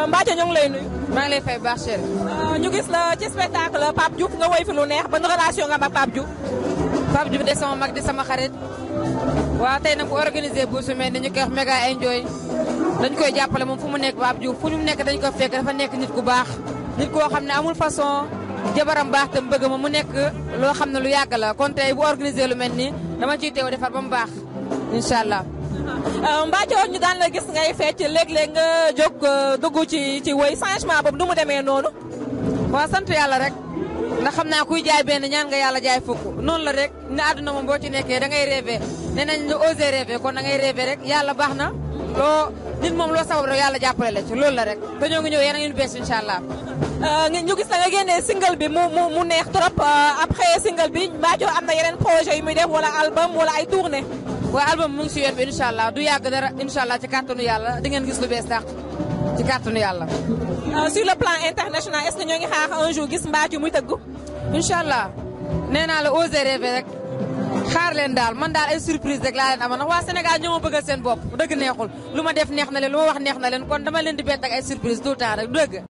Euh, Mbathio ñu ngi lay nuyu. maa ngi lay fay baax chéri. Euh, ñu gis la ci spectacle Pape Diouf nga woy fi lu neex ban relation nga am ak Pape Diouf. Pape Diouf de sama mag di sama xarit. waaw tey nag bu organisé bu sumee dañu koy wax méga enjoy dañ koy jàppale moom fu mu nekk Pape Diouf fu ñu nekk dañ ko fekk dafa nekk nit ku baax. nit koo xam ne amul façon jabaram baax tam bëgg ma mu nekk loo xam ne lu yàgg la kon tey bu organisé lu mel nii dama ciy teew defar ba mu baax incha allah. Euh, Mbacke ñu daan la gis ngay fecc léeg-léeg nga jóg euh, dugg ci ci woy changement boobu du mu demee noonu. waaw sant yàlla rek ndax xam naa kuy jaay benn ñaan nga yàlla jaay fukk noonu la rek ne àdduna moom boo ci nekkee da ngay rêvé nee nañ lu osé rêvé kon da ngay rek yàlla baax na loo nit moom loo sabab rek yàlla jàpp la ci loolu la rek te ñoo ngi ñëw yéen ngi ñu bees incha allah. Euh, ñu gis la nga génnee bi mu mu mu neex trop après single bi Mbacke am na yeneen projet yu muy def wala album wala ay waaye album mu ngi si yoon bi incha allah du yàgg dara incha allah ci kàttanu yàlla di ngeen gis lu bees dàq ci kàttanu yàlla. Euh, sur le plan international est ce que ñoo ngi xaar un gis mbaat yu muy tëgg. incha allah nee naa la osé rêver rek xaar leen daal man daal ay surprise rek laa leen amoon ndax waa Sénégal ñoo ma bëggal seen bopp dëgg neexul lu ma def neex na leen lu ma wax neex na leen kon dama leen di bett ak ay surprise tout le temps dëgg.